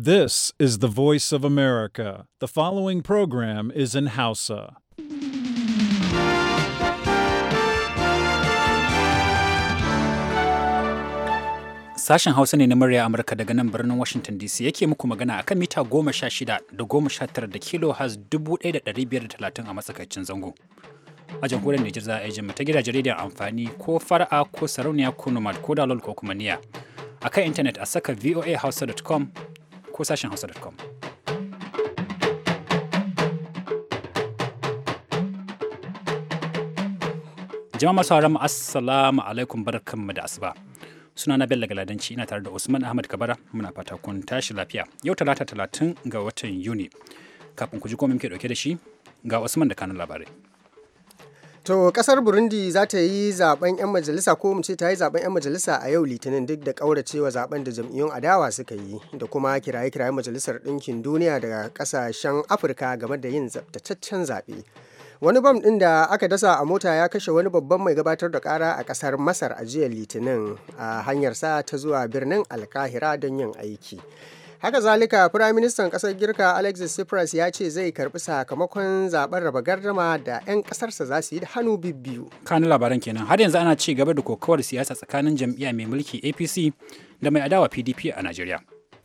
This is the voice of America. The following program is in Hausa. Sashen Hausa ne na murya Amurka daga nan birnin Washington DC yake muku magana akan mita goma sha shida da goma sha tara da kilo has dubu ɗaya da ɗari biyar da talatin a matsakaicin zango. A jamhuriyar Nijar za a yi ta gida rediyon amfani ko fara'a ko sarauniya ko nomad ko dalol ko kuma niya. a kan intanet a saka voahausa.com ko Jama'a masu haram assalamu alaikum barkanmu da asuba. Suna na Bello Galadanci ina tare da Usman Ahmad Kabara muna fata kun tashi lafiya. Yau talata talatin ga watan Yuni. Kafin ku ji komai muke dauke da shi ga Usman da kanun labarai. To kasar Burundi za ta yi zaben 'yan majalisa ko mu ce ta yi zaben 'yan majalisa a yau litinin duk da kauracewa zaben da jam'iyyun adawa suka yi da kuma kiraye-kiraye majalisar ɗinkin duniya daga kasashen Afirka game da yin tsabtataccen zaɓe. wani bam ɗin da aka dasa a mota ya kashe wani babban mai gabatar da kara a kasar masar a jiya litinin a hanyar sa ta zuwa birnin alkahira don yin aiki haka zalika firaministan kasar girka alexis tsipras ya ce zai karbi sakamakon zaben raba gardama da 'yan kasarsa za su yi da hannu bibbiyu kan labaran kenan har yanzu ana ci gaba da kokawar siyasa tsakanin jam'iyya mai mulki apc da mai adawa pdp a nigeria.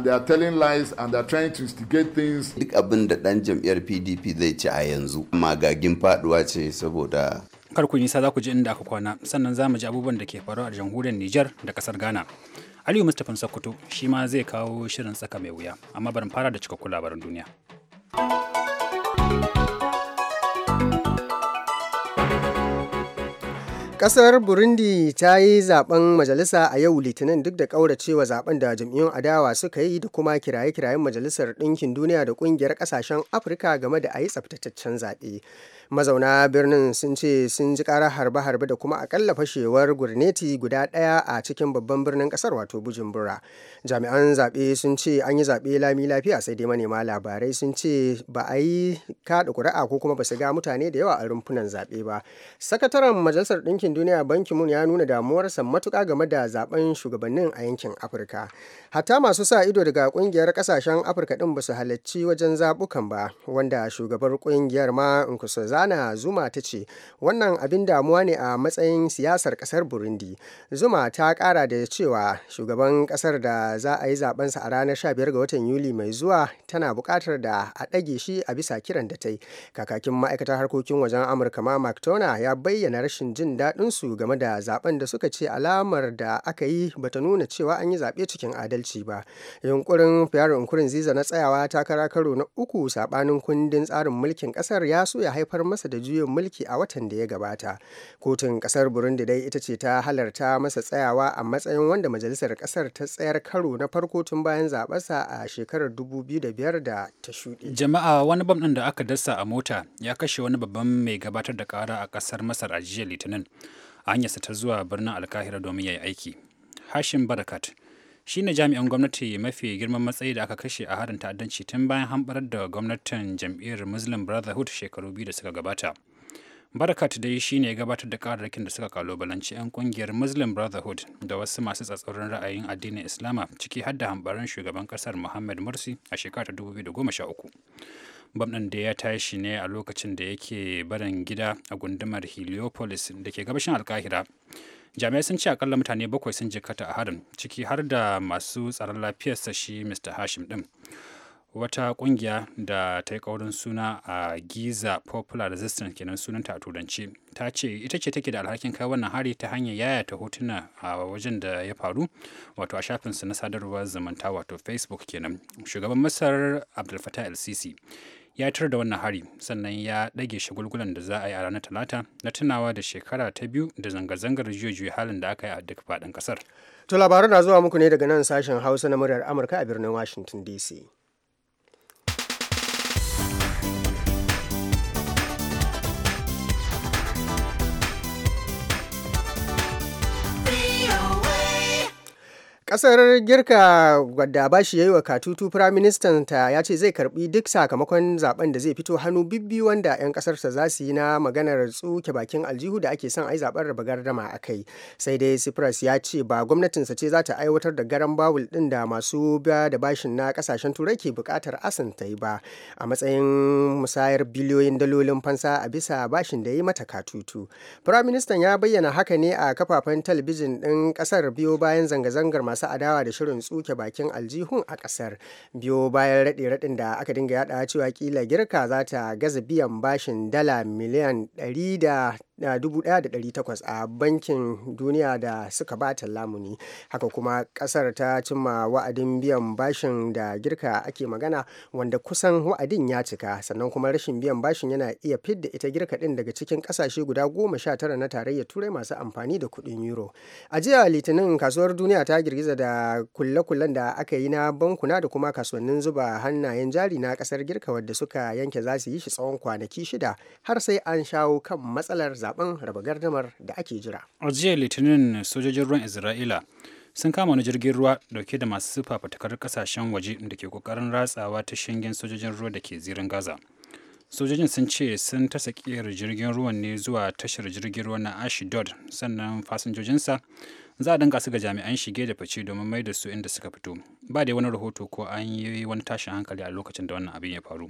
They are telling lies and they are trying to instigate things. Duk abin da ɗan jam'iyyar PDP zai ci a yanzu magagin faduwa ce saboda kar ku nisa za ku ji inda aka kwana sannan za mu ji abubuwan da ke faruwa a jamhuriyar Nijar da kasar Ghana. Aliyu Mustapha Sokoto shi ma zai kawo shirin tsaka mai wuya, amma barin fara da cikakkun labaran duniya. Kasar Burundi ta yi zaben majalisa a yau Litinin duk da kauracewa zaben da jam'iyyun adawa suka yi da kuma kiraye-kirayen Majalisar Ɗinkin Duniya da Ƙungiyar Ƙasashen Afirka game da a yi tsaftataccen zaɓe. mazauna birnin sun ce sun ji karar harbe-harbe da kuma akalla fashewar gurneti guda ɗaya a cikin babban birnin ƙasar wato bujumbura jami'an zaɓe sun ce an yi zaɓe lami lafiya sai dai manema labarai sun ce ba a yi kaɗa ƙuri'a ko kuma ba su ga mutane da yawa a rumfunan zaɓe ba sakataren majalisar ɗinkin duniya banki mun ya nuna damuwarsa matuƙa game da zaben shugabannin a yankin afirka hatta masu sa ido daga ƙungiyar ƙasashen afirka ɗin ba su halarci wajen zabukan ba wanda shugabar kungiyar ma nkusa Ghana Zuma ta ce wannan abin damuwa ne a matsayin siyasar kasar Burundi. Zuma ta kara da cewa shugaban kasar da za a yi zabensa a ranar 15 ga watan Yuli mai zuwa tana bukatar da a ɗage shi a bisa kiran da ta yi. Kakakin ma'aikatar harkokin wajen Amurka ma Mark ya bayyana rashin jin su game da zaben da suka ce alamar da aka yi bata nuna cewa an yi zaɓe cikin adalci ba. Yunkurin Pierre ziza na tsayawa takara karo na uku saɓanin kundin tsarin mulkin kasar ya so ya haifar tabbatar masa da juyin mulki a watan da ya gabata kotun kasar burundi dai ita ce ta halarta masa tsayawa a matsayin wanda majalisar kasar ta tsayar karo na farko tun bayan zaɓarsa a shekarar 2005 da ta shuɗe jama'a wani bam ɗin da aka dasa a mota ya kashe wani babban mai gabatar da kara a ƙasar masar a jiya litinin a hanyarsa ta zuwa birnin alkahira domin ya yi aiki hashim barakat shine jami'an gwamnati mafi girman matsayi da aka kashe a harin ta'addanci tun bayan hambarar da gwamnatin jam'iyyar muslim brotherhood shekaru biyu da suka gabata barakat dai shine ya gabatar da kararrakin da suka kalubalanci 'yan kungiyar muslim brotherhood da wasu masu tsatsaurin ra'ayin addinin islama ciki har da hambarin shugaban kasar muhammad morsi a shekarar 2013 bam ɗin da ya tashi ne a lokacin da yake barin gida a gundumar heliopolis da ke gabashin alkahira jami'ai sun ce akalla mutane bakwai sun jikata a harin ciki har da masu tsaron lafiyar shi mr hashim din wata kungiya da ta yi kaurin suna a giza popular resistance kenan sunanta a turanci ta ce ita ce take da alhakin kai wannan hari ta hanyar ta hotuna a wajen da ya faru wato a shafinsu na sadarwar zamanta wato facebook kenan shugaban masar abdul fatah el sisi ya tar da wannan hari sannan ya ɗage shagulgulan da za a yi a ranar talata na tunawa da shekara ta biyu da zanga-zangar juye halin da aka yi a duk faɗin ƙasar. to labaran na zuwa muku ne daga nan sashen hausa na muryar amurka a birnin washington dc. Kasar Girka wadda ba ya yi wa katutu Firaministan ta, ya ce zai karbi duk sakamakon zaben da zai fito hannu bibbi wanda 'yan kasarsa za su yi na maganar tsuke bakin aljihu da ake son ai zaben raba gardama a kai. Sai dai Cyprus ya ce ba gwamnatinsa ce za ta aiwatar da garan bawul din da masu biya da bashin na kasashen turai ke bukatar asin ta yi ba a matsayin musayar biliyoyin dalolin fansa a bisa bashin da ya yi mata katutu. Firaministan ya bayyana haka ne a kafafen talabijin ɗin kasar biyo bayan zanga-zangar masu masu adawa da shirin tsuke bakin aljihun a kasar biyo bayan raɗe raɗin da aka dinga yada cewa kila girka za ta gaza biyan bashin dala miliyan 1,800 a bankin duniya da suka bata lamuni haka kuma kasar ta cimma wa'adin biyan bashin da girka ake magana wanda kusan wa'adin ya cika sannan kuma rashin biyan bashin yana iya fidda ita girka din daga cikin kasashe guda goma sha tara na tarayyar turai masu amfani da kuɗin euro a jiya litinin kasuwar duniya ta girgiza bisa da kulle-kullen da aka yi na bankuna da kuma kasuwannin zuba hannayen jari na kasar girka wadda suka yanke za su yi shi tsawon kwanaki shida har sai an shawo kan matsalar zaben raba gardamar da ake jira a jiya litinin sojojin ruwan isra'ila sun kama wani jirgin ruwa dauke da masu sufa fatakar kasashen waje da ke kokarin ratsawa ta shingen sojojin ruwa da ke zirin gaza sojojin sun ce sun ta sakiyar jirgin ruwan ne zuwa tashar jirgin ruwa na ashidod sannan fasinjojinsa za a danka su ga jami'an shige da fice domin mai da su inda suka fito ba dai wani rahoto ko an yi wani tashin hankali a lokacin da wannan abin ya faru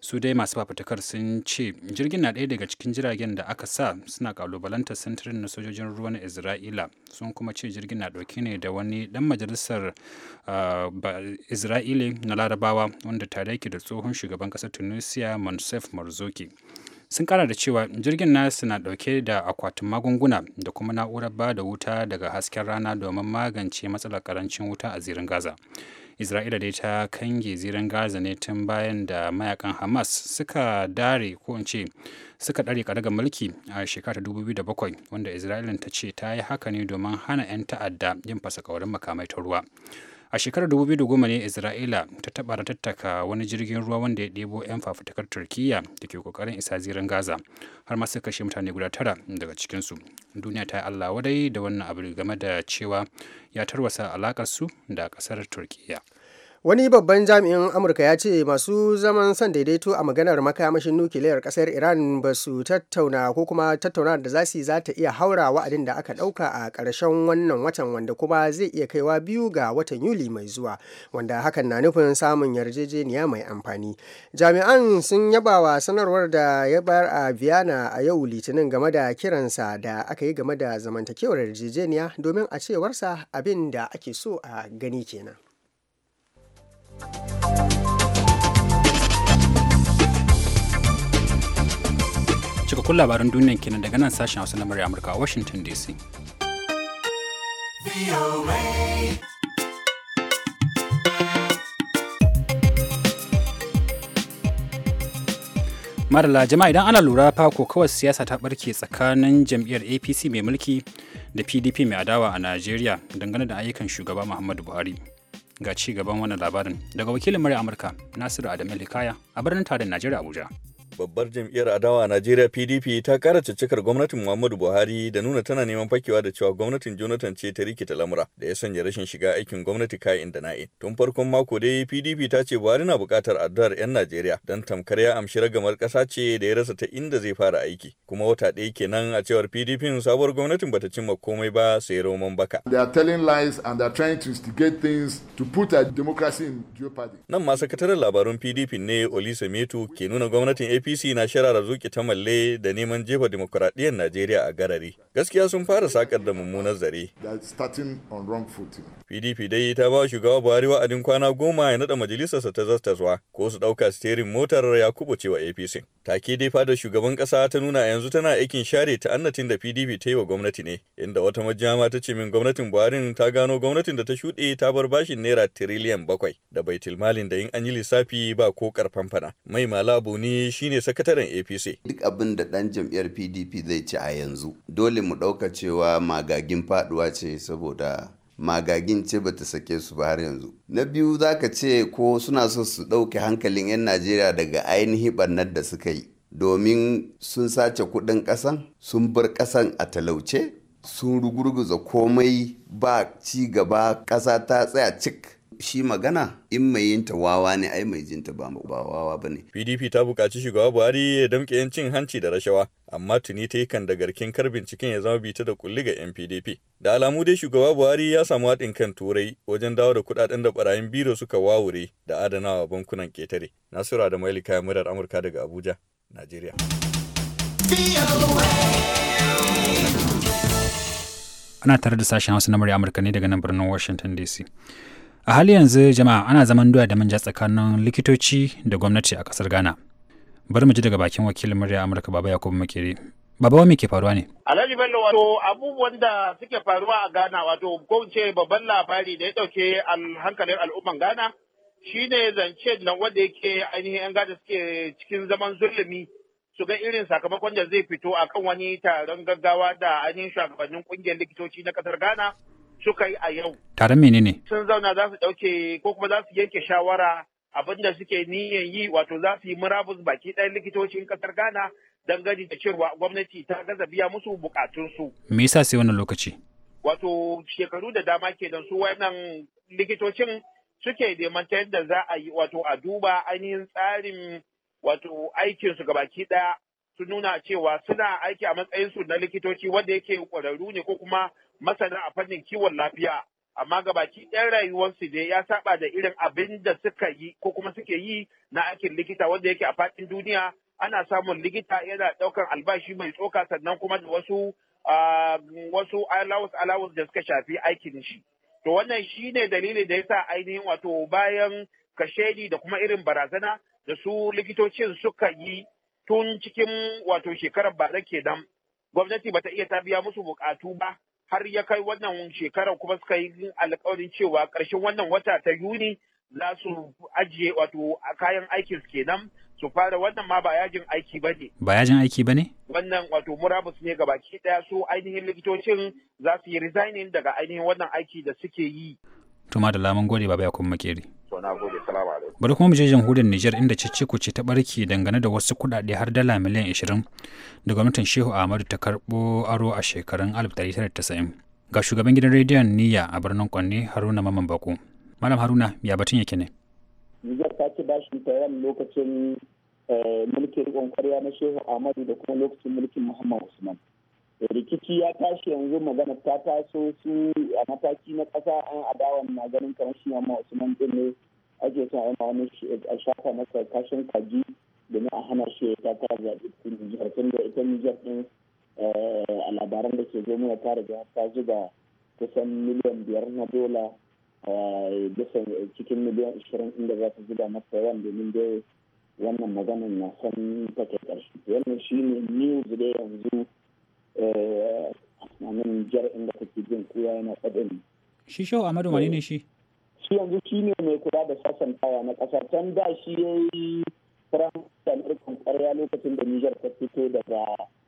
su dai masu fafutukar sun ce jirgin na ɗaya daga cikin jiragen da aka sa suna kalubalantar sintirin na sojojin ruwa na isra'ila sun kuma ce jirgin na ɗauke ne da wani ɗan majalisar ah, isra'ila na larabawa wanda tare yake da tsohon shugaban ƙasar tunisia monsef marzoki sun kara da cewa jirgin nasu na dauke da akwatin magunguna da kuma na'urar ba da wuta daga hasken rana domin magance matsalar karancin wuta a zirin gaza isra'ila dai ta kange zirin gaza ne tun bayan da mayakan hamas suka dare ko in ce suka dare ga mulki a shekara 2007 wanda isra'ila ta ce ta yi haka ne domin hana 'yan ta'adda yin fasa makaman makamai ta ruwa a shekarar 2010 ne isra'ila ta taba tattaka wani jirgin ruwa wanda ya ɗebo 'yan fafutukar turkiyya da ke kokarin isa ziran gaza har masu kashe mutane guda tara daga cikinsu duniya ta yi allah wadai da wannan abu game da cewa ya tarwasa su da ƙasar turkiyya Wani babban jami'in Amurka ya ce masu zaman son daidaito a maganar makamashin nukiliyar kasar Iran ba su tattauna ko kuma tattauna da za su za iya haura wa'adin da aka ɗauka a ƙarshen wannan watan wanda kuma zai iya kaiwa biyu ga watan Yuli mai zuwa wanda hakan na nufin samun yarjejeniya mai amfani. Jami'an sun yaba wa sanarwar da ya bayar a Vienna a yau Litinin game da kiransa da aka yi game da zamantakewar yarjejeniya domin a cewarsa abin da ake so a gani kenan. Cikakkun labaran duniyan kenan daga nan sashen Hausa na murya Amurka a Washington DC. Marala jama'a idan ana lura fa ko kawai siyasa ta barke tsakanin jam'iyyar APC mai mulki da PDP mai adawa a Najeriya dangane da ayyukan shugaba Muhammadu Buhari. ga ci gaban wannan labarin daga wakilin murya Amurka Nasiru Adamu Likaya a birnin tarin Najeriya Abuja. Babbar jam'iyyar adawa a Najeriya PDP ta kara cikar gwamnatin Muhammadu Buhari da nuna tana neman fakewa da cewa gwamnatin Jonathan ce ta rikita lamura da ya sanya rashin shiga aikin gwamnati kayan da na'in. Tun farkon mako dai PDP ta ce Buhari na buƙatar addu'ar 'yan Najeriya don tamkar ya amshi ragamar ƙasa ce da ya rasa ta inda zai fara aiki. Kuma wata ɗaya kenan a cewar PDP sabuwar gwamnatin bata cimma komai ba sai roman baka. They are telling lies and they are trying to instigate things to put a democracy in jeopardy. Nan ma sakataren labarun PDP ne metu ke nuna gwamnatin AP APC na shirar zuƙi ta malle da neman jefa demokuraɗiyyar Najeriya a garari. Gaskiya sun fara sakar da mummunar zare. PDP dai ta ba shugaba Buhari wa'adin kwana goma ya nada majalisarsa ta zartaswa ko su ɗauka sterin motar ya kubuce wa APC. Take dai fada shugaban ƙasa ta nuna yanzu tana aikin share ta annatin da PDP ta yi wa gwamnati ne, inda wata majama ta ce min gwamnatin Buhari ta gano gwamnatin da ta shuɗe ta bar bashin naira tiriliyan bakwai da bai tilmalin da in an yi lissafi ba ko karfan fana. Mai malabu ne shine shine sakataren apc duk abin da dan jam'iyyar pdp zai ci a yanzu dole mu ɗauka cewa magagin faduwa ce saboda magagin ce bata sake su ba har yanzu na biyu za ka ce ko suna so su ɗauke hankalin 'yan najeriya daga ainihin ɓarnar da suka yi domin sun sace kuɗin ƙasan sun bar ƙasan a talauce sun rugurguza komai ba ci gaba ƙasa ta tsaya cik shi magana in mai yinta wawa ne ai mai jinta ba wawa ba ne. PDP ta buƙaci shugaba Buhari ya damƙe cin hanci da rashawa, amma tuni ta yi kan da garkin kar binciken ya zama bita da kulli ga 'yan PDP. Da alamu dai shugaba Buhari ya samu haɗin kan turai wajen dawo da kuɗaɗen da ɓarayin biro suka wawure da adanawa bankunan ƙetare. Nasura da Mailika murar Amurka daga Abuja, Najeriya. Ana tare da sashen Hausa na murya Amurka ne daga nan birnin Washington DC. a hali yanzu jama'a ana zaman doya da manja tsakanin likitoci da gwamnati a kasar ghana bari mu ji daga bakin wakilin murya amurka baba yakubu makere Baba wani ke faruwa ne? Alhaji Bello wato abubuwan da suke faruwa a Ghana wato ko babban labari da ya dauke hankalin al'umman Ghana shine zance nan wanda yake ainihin yan gada suke cikin zaman zulumi su ga irin sakamakon da zai fito a kan wani taron gaggawa da ainihin shugabannin kungiyar likitoci na kasar Ghana suka yi a yau. Taron menene? Sun zauna za su ɗauke ko kuma za su yanke shawara abin da suke niyan yi wato za su yi murabus baki ɗaya likitocin ƙasar Ghana gani da cewa gwamnati ta gaza biya musu buƙatunsu. Me yasa sai wannan lokaci? Wato shekaru da dama ke don su wannan likitocin suke neman ta yadda za a yi wato a duba ainihin tsarin wato ga baki ɗaya su nuna cewa suna aiki a matsayinsu na likitoci wanda yake ƙwararru ne ko kuma masana a fannin kiwon lafiya amma ga baki ɗan rayuwarsu ne ya saba da irin abin da suka yi ko kuma suke yi na aikin likita wanda yake a faɗin duniya ana samun likita yana ɗaukar albashi mai tsoka sannan kuma da wasu wasu allowance allowance da suka shafi aikin shi to wannan shi ne dalili da yasa ainihin wato bayan kashedi da kuma irin barazana da su likitocin suka yi tun cikin wato shekarar ke kenan gwamnati bata iya ta biya musu bukatu ba har ya kai wannan shekara kuma suka yi alkawarin cewa ƙarshen wannan wata ta Yuni za su ajiye wato kayan aikin kenan su fara wannan ma ba yajin aiki ba ne. Ba yajin aiki ba ne? Wannan wato murabus ne gabaki ɗaya su ainihin likitocin za su yi resigning daga ainihin wannan aiki da suke yi. To ma da lamun gode baba ya kuma makeri. To na gode Bari kuma mu je jamhuriyar Nijar inda cece ce ta barke dangane da wasu kuɗaɗe har dala miliyan 20 da gwamnatin Shehu Ahmadu ta karɓo aro a shekarun 1990. Ga shugaban gidan rediyon Niyya a birnin Kwanne Haruna Maman Bako. Malam Haruna ya batun yake ne? Nijar ta ci bashi ta yan lokacin eh, mulkin riƙon kwarya na Shehu Ahmadu da kuma lokacin mulkin Muhammad Usman. rikici ya tashi yanzu magana ta taso su a mataki na kasa an adawan na ganin kamar shi ma wasu ne ake sa a wani shafa masa kashin kaji domin a hana shi ya ta zaɓe nijar tun da ita nijar ɗin eh, a labaran da ke zomu mana ta riga ta zuba kusan miliyan biyar na dola eh, bisa cikin miliyan ashirin inda za ta zuba masa yawan domin dai wannan maganin na san take ƙarshe wannan shi ne news da yanzu Eh, a nan jar inda kake jin kowa yana faɗin. Shi shau Amadu wani ne shi? Shi yanzu shi ne mai kula da sassan sasantawa na ƙasa can da shi ya yi firaministan irkan ƙarya lokacin da Nijar ta fito daga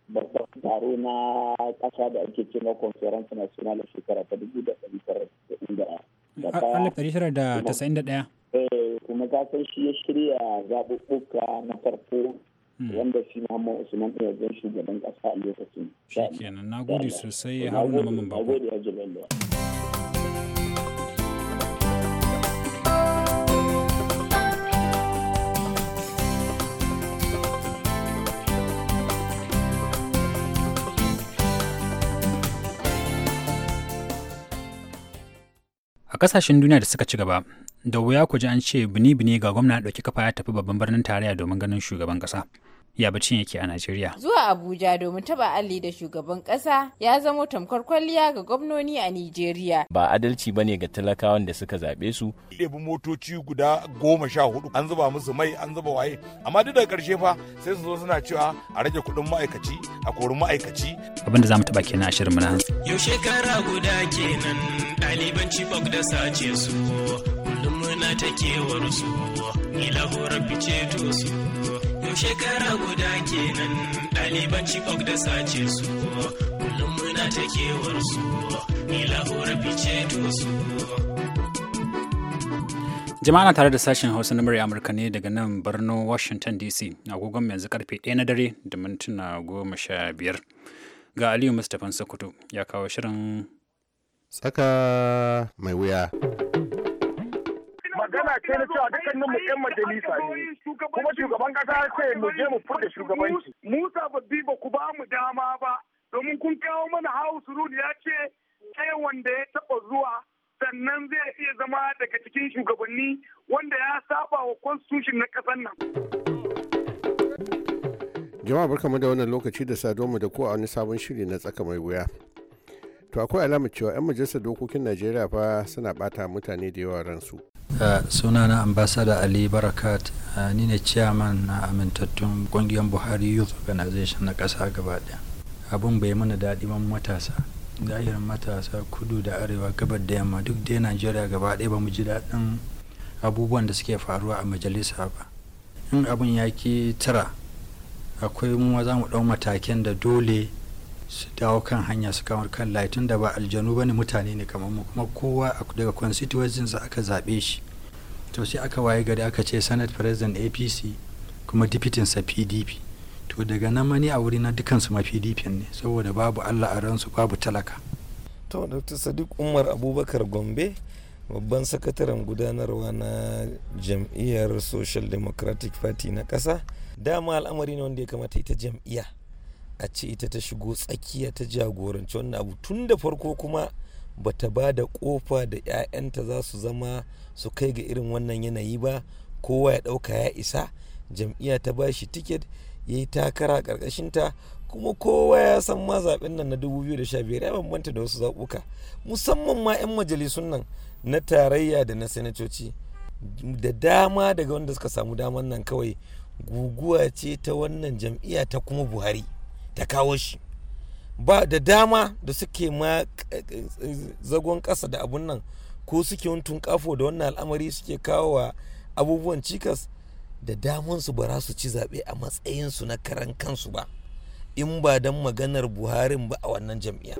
babban taro na ƙasa da ake ce na conference national shekara ta dubu da ɗari tara da Alif ɗari tara da tasa'in da ɗaya. Eh, kuma ka san shi ya shirya zaɓuɓɓuka na farko Hmm. wanda shi Muhammad Usman ɗaya zai shugaban ƙasa a lokacin. Shi kenan na gode sosai Haruna Mamman Bako. A kasashen duniya da suka ci gaba, da wuya ku ji an ce bini-bini ga gwamna ɗauki kafa ya tafi babban birnin tarayya domin ganin shugaban ƙasa. ya bacin yake a Najeriya. Zuwa Abuja domin taba alli da shugaban kasa ya zama tamkar kwalliya ga gwamnoni a Najeriya. Ba adalci bane ga talakawan da suka zaɓe su. Ɗebi motoci guda goma sha hudu an zuba musu mai an zuba waye amma duk daga ƙarshe fa sai su zo suna cewa a rage kuɗin ma'aikaci a kori ma'aikaci. Abin da za mu taɓa kenan a shirin mu Yau shekara guda kenan ɗalibanci Chibok da sace su kullum muna ta kewar su ni lahorar fice shekara guda kenan ɗaliban chibok da sace su kullum muna ta kewar su ni lahura fice to su jama'a na tare da sashen hausa na murya amurka ne daga nan birnin washington dc agogon yanzu karfe 1 na dare da mintuna goma sha biyar ga aliyu mustapha sokoto ya kawo shirin tsaka mai wuya magana ce na cewa dukkanin mu yan majalisa ne kuma shugaban kasa ce mu je mu furta shugabanci ba bi ba ku ba mu dama ba domin kun kawo mana house rule ya ce ke wanda ya taba zuwa sannan zai iya zama daga cikin shugabanni wanda ya saba wa constitution na ƙasar nan jama'a barkamu da wannan lokaci da saduwa da ko a wani sabon shiri na tsaka mai wuya to akwai alamar cewa 'yan majalisar dokokin najeriya fa suna bata mutane da yawa ransu Eh, sunana ambasada ali barakat eh, ni ne chairman na amintattun kungiyar buhari youth organization na kasa gaba daya abun bai mana daɗi ba matasa zahirin matasa kudu da arewa gabar da yamma duk dai najeriya gaba daya ba mu ji daɗin abubuwan da suke faruwa a majalisa ba in abun ya ki tara akwai mu za mu ɗau matakin da dole su dawo kan hanya su kamar kan layi da ba aljanu ba ne mutane ne kamar mu kuma kowa daga constituency aka zaɓe shi to sai aka waye gari aka ce senate president apc kuma sa pdp to daga nan mani a wuri na dukansu ma pdp ne saboda babu allah a ransu babu talaka to dr sadiq umar abubakar gombe babban sakataren gudanarwa na jam'iyyar social democratic party na ƙasa dama al'amari ne wanda ya kamata ita jam'iyya a ce ita ta shigo tsakiya ta jagoranci wannan abu tun da farko kuma bata ta ba da kofa da 'ya'yanta za su zama su kai ga irin wannan yanayi ba kowa ya dauka ya isa jam'iyya ta ba shi tiket ya yi takara a ta kuma kowa ya san ma zaɓen nan na 2015 ya bambanta da wasu zaɓuka musamman ma 'yan majalisun nan na tarayya da na sanatoci da dama daga wanda suka samu daman nan kawai guguwa ce ta wannan jam'iyya ta kuma buhari ta kawo shi ba da dama da suke ma zagon ƙasa da abun nan ko suke wuntun kafo da wannan al'amari suke kawo wa abubuwan cikas da damansu ba su ci zaɓe a matsayinsu na karan kansu ba in ba don maganar buharin ba a wannan jam'iyya.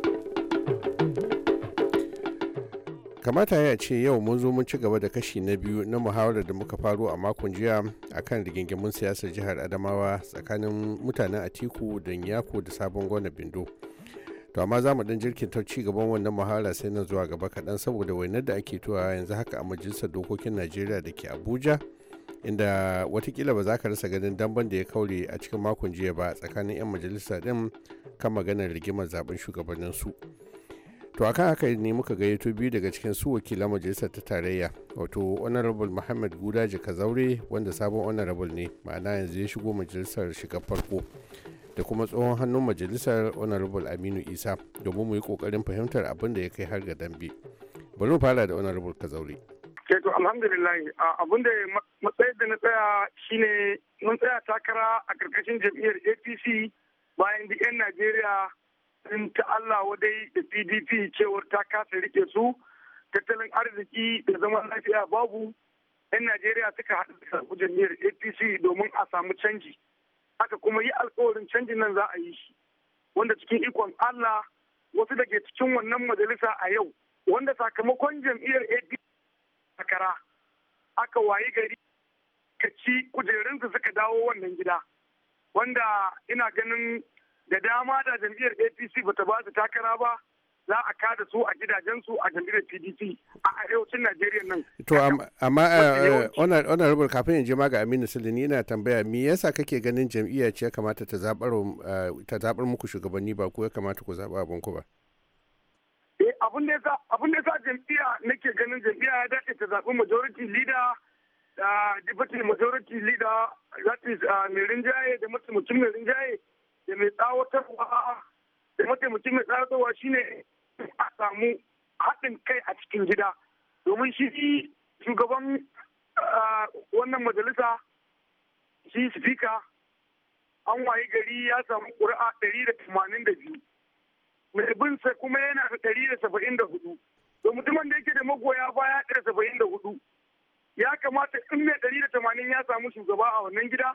kamata ya ce yau mun zo mun ci gaba da kashi na biyu na muhawarar da muka faro a makon jiya akan rigingimun siyasar jihar adamawa tsakanin mutanen atiku da yako da sabon gwana bindo to amma za mu dan jirkinta ci gaban wannan muhala sai na zuwa gaba kaɗan saboda wainar da ake tuwa yanzu haka a majalisar dokokin najeriya da ke abuja inda watakila ba za ka rasa ganin damban da ya kaure a cikin makon jiya ba tsakanin 'yan majalisa din kan maganar rigimar zaben shugabannin su to akan haka ne muka gayyato biyu daga cikin su wakilan majalisar ta tarayya wato honorable muhammad gudaji kazaure wanda sabon honorable ne ma'ana yanzu ya shigo majalisar shiga farko da kuma tsohon hannun majalisar honorable aminu isa domin mu yi kokarin fahimtar abin da ya kai har ga dambe bari mu fara da honorable kazauri ke to alhamdulillah abin da matsayin da na tsaya shine mun tsaya takara a karkashin jam'iyyar apc bayan da 'yan najeriya sun ta allah wadai da pdp cewar ta kasa rike su tattalin arziki da zaman lafiya babu 'yan najeriya suka haɗu da jam'iyyar apc domin a samu canji aka kuma yi alkawarin canjin nan za a yi shi wanda cikin ikon Allah wasu da ke cikin wannan majalisa a yau wanda sakamakon jam'iyyar AD takara aka wayi gari ka ci kujerunsu suka dawo wannan gida wanda ina ganin da dama da jam'iyyar APC bata ba su takara ba za a kada su a gidajensu a jam'iyyar pdp a arewacin najeriya nan to amma honorable eh, eh, kafin in je ma ga aminu sulini ina tambaya me yasa kake ganin jam'iyya ce ya kamata ta zabar eh, muku shugabanni ba ko ya kamata ku zaba abin ku ba abin da sa jam'iyya nake ganin jam'iyya ya dace ta zaɓi majority leader da deputy majority leader that is mai rinjaye da mutum mai rinjaye da mai tsawatarwa da mutum mai tsawatarwa shine a samu haɗin kai a cikin gida domin shi shugaban wannan majalisa shi spika an waye gari ya samu ƙuri'a ɗari da tamanin da biyu mai bin sa kuma yana da ɗari da saba'in da hudu da mutumin da yake da magoya baya ɗari da saba'in da hudu ya kamata in mai ɗari da tamanin ya samu shugaba a wannan gida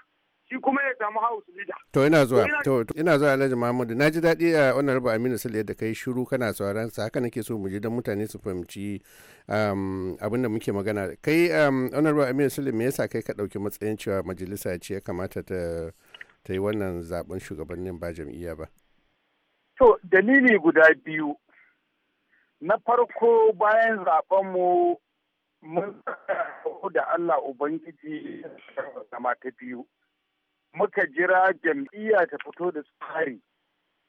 shi kuma ya samu house leader to ina zuwa to ina zuwa Alhaji Muhammadu ji daɗi a eh, wannan honorable Aminu Sule yadda kai shiru kana sauran sa haka nake so mu ji don mutane su fahimci um, abin da muke magana kai um, wannan honorable Aminu Sule me yasa kai ka ɗauki matsayin cewa majalisa ce ya kamata ta ta yi wannan zaɓen shugabannin ba jam'iyya ba to dalili guda biyu na farko bayan zaben mu mun da Allah Ubangiji zama ta biyu muka jira jam'iyya ta fito da tsari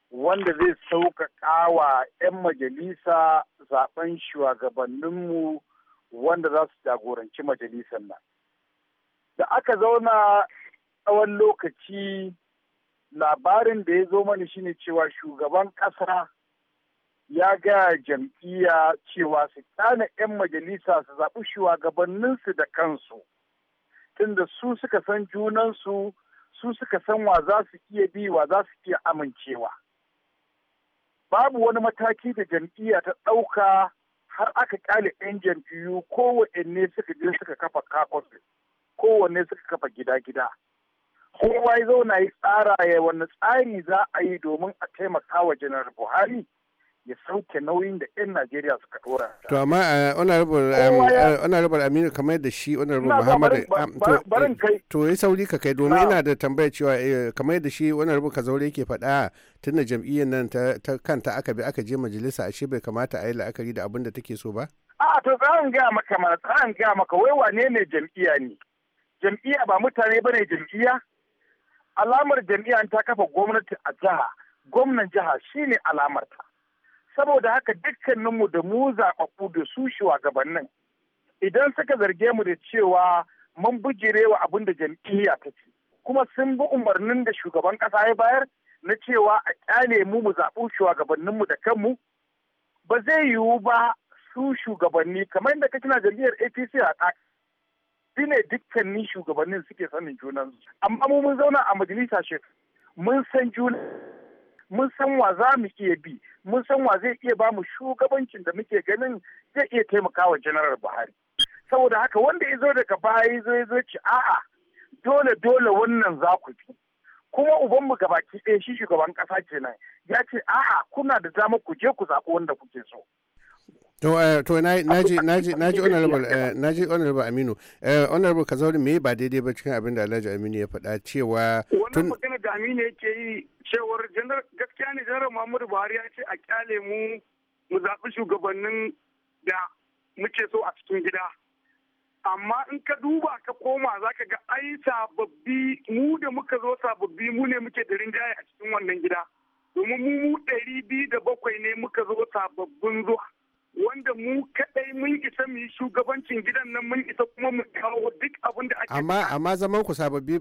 wanda zai sauƙaƙa wa 'yan majalisa zaben shugabanninmu wanda za su jagoranci majalisar nan. Da aka zauna tsawon lokaci labarin da ya zo mani shine cewa shugaban ƙasa ya ga jam'iyya cewa su tsana 'yan majalisa su zaɓi shugabanninsu da kansu tunda su suka san junansu su suka san wa za su iya bi wa za su iya amincewa babu wani mataki da jam'iyya ta ɗauka har aka ƙyale 'yan jam'iyyu kowanne suka je suka kafa kakwafi, kowanne suka kafa gida-gida kowa ya zauna yi tsara ya wani tsari za a yi domin a taimaka wa janar buhari ya sauke nauyin da 'yan Najeriya suka dora. To amma eh, eh, honorable Aminu kamar da shi honorable Muhammad to ya eh, sauri ka kai domin ina da tambayar cewa kamar da shi honorable Kazaure yake faɗa tunda jam'iyyar nan ta kanta aka bi aka je majalisa ashe bai kamata a yi la'akari da abin da take so ba? A'a to tsarin gaya maka mana tsarin gaya maka wai wane ne jam'iyya ne? Jam'iyya ba mutane ba ne jam'iyya? Alamar jam'iyya ta kafa gwamnati a jiha, gwamnan jiha shine alamarta. saboda haka dukkaninmu da mu zaɓaɓɓu da su shugabannin idan suka zarge mu da cewa mun wa abin da jam'iyya ta ce kuma sun bi umarnin da shugaban ƙasa ya bayar na cewa a ƙyale mu mu zaɓu shugabanninmu da kanmu ba zai yiwu ba su shugabanni kamar yadda kake na jam'iyyar APC a ta ne dukkanin shugabannin suke sanin junansu amma mu mun zauna a majalisa shekaru mun san juna mun san wa za mu iya bi mun san wa zai iya ba mu shugabancin da muke ganin zai iya taimakawa janaral buhari saboda haka wanda ya zo daga baya ya zo ya zo ci a'a dole dole wannan za ku bi kuma ubanmu gabaki ɗaya shi shugaban ƙasa kenan ya ce a'a kuna da dama ku je ku zaɓi wanda kuke so to eh, to na naji naji naji honorable eh, naji honorable Aminu eh, honorable zauri me ba daidai ba cikin abin da Alhaji Aminu ya faɗa cewa wannan magana da Aminu yake yi cewar gaskiya ne Janar Muhammadu Buhari ya ce a kyale mu mu zaɓi shugabannin da muke so a cikin gida amma in ka duba ka koma zaka ga ai sababbi mu da muka zo sababbi mu ne muke da rinjaye a cikin wannan gida domin mu mu ɗari biyu da bakwai ne muka zo sababbin zuwa wanda mu kadai mun isa mu yi shugabancin gidan nan mun isa kuma mu kawo duk abin da ake amma amma zaman ku sababbi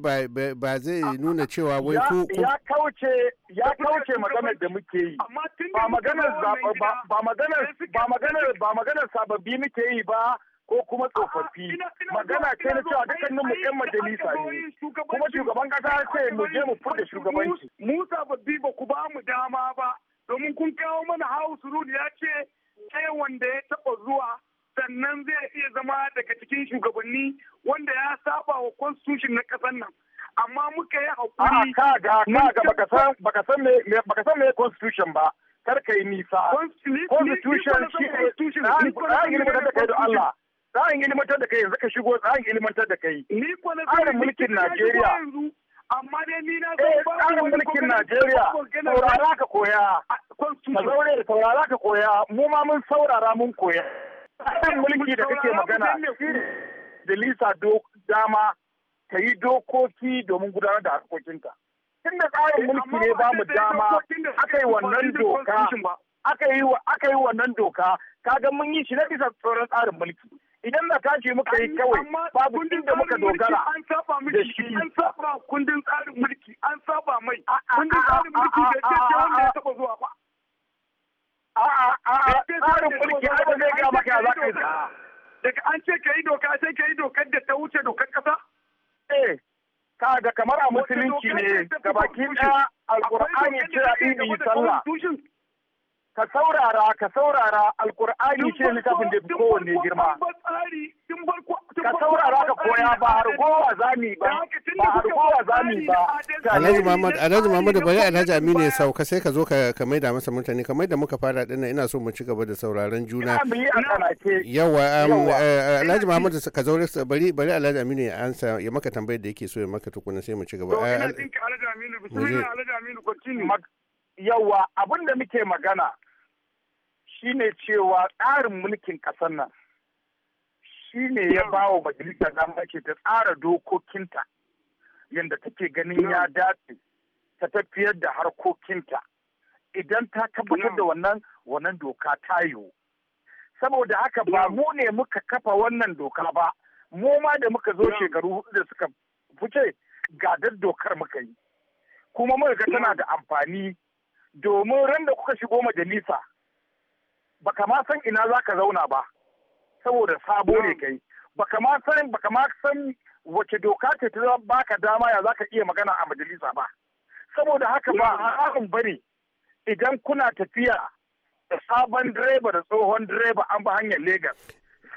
ba zai nuna cewa wai ku ya kauce ya kauce maganar da muke yi ba maganar ba maganar ba maganar ba maganar sababbi muke yi ba ko kuma tsofaffi magana ce na cewa dukkanin mu yan majalisa ne kuma shugaban kasa ce mu je mu furta shugabanci mu sababbi ba ku ba mu dama ba domin kun kawo mana house rule ya ce ɗaya wanda ya taɓa zuwa sannan zai iya zama daga cikin shugabanni wanda ya saba wa constitution na ƙasar nan amma muka yi hakuri ka ga ka ga baka san baka san me baka san me constitution ba kar ka yi nisa constitution shi ne tsarin ilimantar da kai da Allah tsarin ilimantar da kai yanzu ka shigo tsarin ilimantar da kai tsarin mulkin Najeriya amma dai ni na zo eh, ba tsarin mulkin Najeriya saurara ka koya ka zaure da saurara ka koya mu ma mun saurara mun koya tsarin mulki da kake magana da lisa dama ta yi dokoki domin gudanar da harkokinka tun da tsarin eh, mulki ne ba mu dama aka yi wannan doka aka yi wannan doka kaga mun yi shi na bisa tsoron tsarin mulki idan na tashi muka yi kawai babu inda muka dogara an saba shi an saba kundin tsarin mulki an saba mai kundin tsarin mulki da ke ce wanda ya taba zuwa ba a'a tsarin mulki a ba zai ga maka ya zaka yi daga an ce ka yi doka sai ka yi dokar da ta wuce dokar kasa eh ka da kamar a musulunci ne gabaki daya alqur'ani ce a ibi sallah ka saurara ka saurara alkur'ani shi littafin da kowane girma ka saurara ka koya ba har hargowa zami ba ba har hargowa zami ba alhaji muhammad alhaji muhammad bari alhaji aminu ya sauka sai ka zo ka maida masa mutane kamar da muka fara dinnan ina so mu ci gaba da sauraron juna yawa um, eh, eh, alhaji muhammad ka zaure bari bari alhaji aminu ya ansa ya maka tambayar da yake so ya maka tukuna sai mu ci gaba eh, alhaji aminu bismillah alhaji yawa abin da muke magana shine cewa tsarin mulkin ƙasar nan shine ya ba wa majalisa dama ke ta tsara dokokinta yadda take ganin ya dace ta tafiyar da harkokinta idan ta tabbatar da wannan wannan doka ta yiwu saboda haka ba mu ne muka kafa wannan doka ba mu ma da muka zo shekaru hudu da suka fice gadar dokar muka yi kuma muka ga tana da amfani domin randa kuka shigo majalisa baka ma san ina za ka zauna ba saboda sabo ne kai baka ma san baka ma san wace doka ce ta baka dama ya zaka iya magana a majalisa ba saboda haka ba haramun bane idan kuna tafiya da sabon direba da tsohon direba an ba hanyar Legas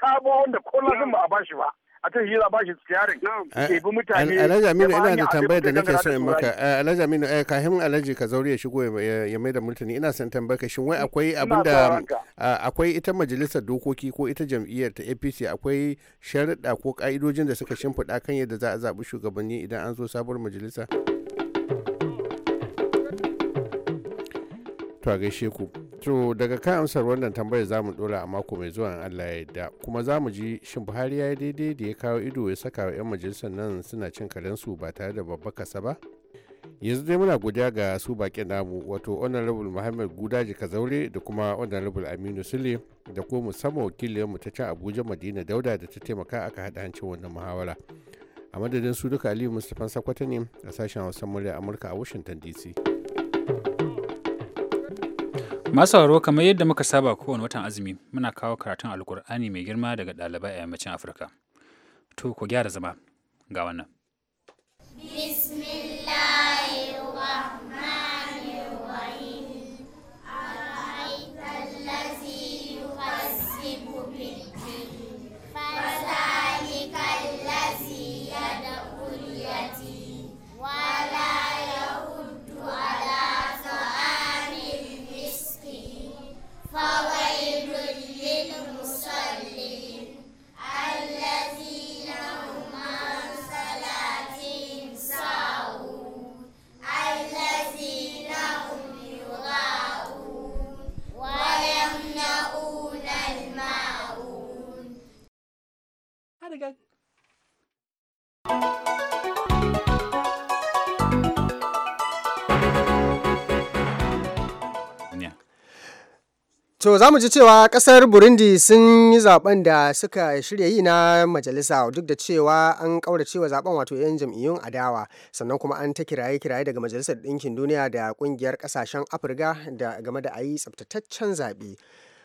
sabo wanda kullum ba a bashi ba a ta hira ba shi tsiyarin ɗebi mutane alhaji aminu ina da tambayar da nake son in maka eh, alhaji aminu eh kahin alhaji ka zaure ya shigo ya mai da multani ina son tambayar ka shin wai akwai abin da akwai ita majalisar dokoki ko ita jam'iyyar ta APC akwai sharuɗa ko ka'idojin da suka shimfiɗa kan yadda za a zaɓi shugabanni idan an zo sabuwar majalisa to a gaishe ku To daga kan amsar wannan tambayar za mu dora a mako mai zuwa Allah ya da kuma za mu ji shin Buhari ya yi daidai da ya kawo ido ya saka wa 'yan majalisar nan suna cin karensu ba tare da babba kasa ba? Yanzu dai muna godiya ga su baƙi namu wato Honorable Muhammad Gudaji Kazaure da kuma Honorable Aminu Sule da ko musamman mu ta can Abuja Madina Dauda da ta taimaka aka haɗa hancin wannan muhawara. A madadin su duka Aliyu Mustapha Sakwata ne a sashen Hausa murya Amurka a Washington DC. Masu sauraro kamar yadda muka saba kowane watan azumi muna kawo karatun alkur'ani mai girma daga ɗalibai a yammacin Afirka. To ku gyara zama ga wannan. To za mu ji cewa kasar Burundi sun yi zaben da suka shirya yi na majalisa duk da cewa an kauracewa zaben wato 'yan jam'iyyun adawa sannan kuma an ta kiraye-kiraye daga majalisar ɗinkin duniya da ƙungiyar ƙasashen Afirka da game da a yi tsabtataccen zaɓe.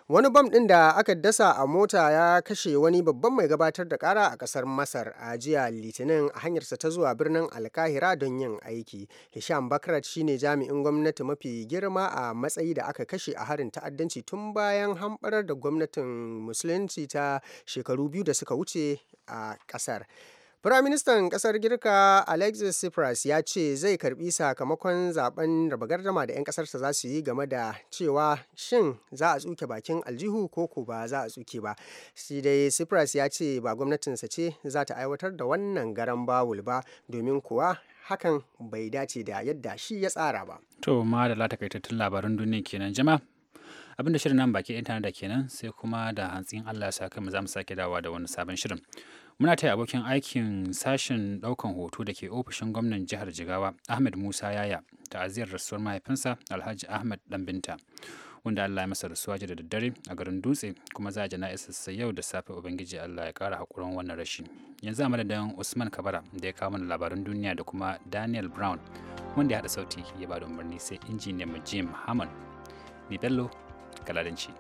wani bam ɗin da aka dasa a mota ya kashe wani babban mai gabatar da kara a ƙasar masar a jiya litinin a hanyarsa ta zuwa birnin alkahira don yin aiki hisham bakrat shine jami'in gwamnati mafi girma a matsayi da aka kashe a harin ta'addanci tun bayan hamɓarar da gwamnatin musulunci ta shekaru biyu da suka wuce a ƙasar Firaministan ƙasar Girka Alexis Tsipras ya ce zai karbi sakamakon zaben raba gardama da 'yan ƙasarsa za su yi game da cewa shin za a tsuke bakin aljihu ko ko ba za a tsuke ba. Shi dai Tsipras ya ce ba gwamnatinsa ce za ta aiwatar da wannan garan bawul ba domin kuwa hakan bai dace da yadda shi ya tsara ba. To ma da latakaitattun labaran duniya kenan jama'a abinda shirin nan baki intanet da kenan sai kuma da hantsin Allah ya sa mu za mu sake dawowa da wani sabon shirin muna taya abokin aikin sashen daukan hoto da ke ofishin gwamnan jihar jigawa ahmed musa yaya ta'aziyar rasuwar mahaifinsa alhaji ahmed dan binta wanda allah ya masa rasuwa da daddare a garin dutse kuma za a jana'isa yau da safe ubangiji allah ya kara hakurin wannan rashi yanzu a madadin usman kabara da ya kawo mana labaran duniya da kuma daniel brown wanda ya hada sauti ya ba da umarni sai injiniyan jim hammond ni bello kaladanci.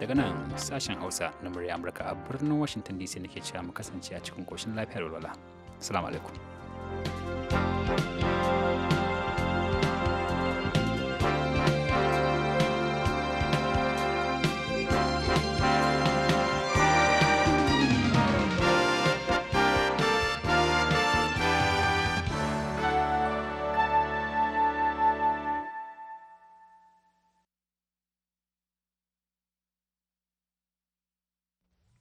daga nan sashen hausa na murya amurka a birnin washington dc nake cewa mu kasance a cikin koshin lafiyar walwala assalamu alaikum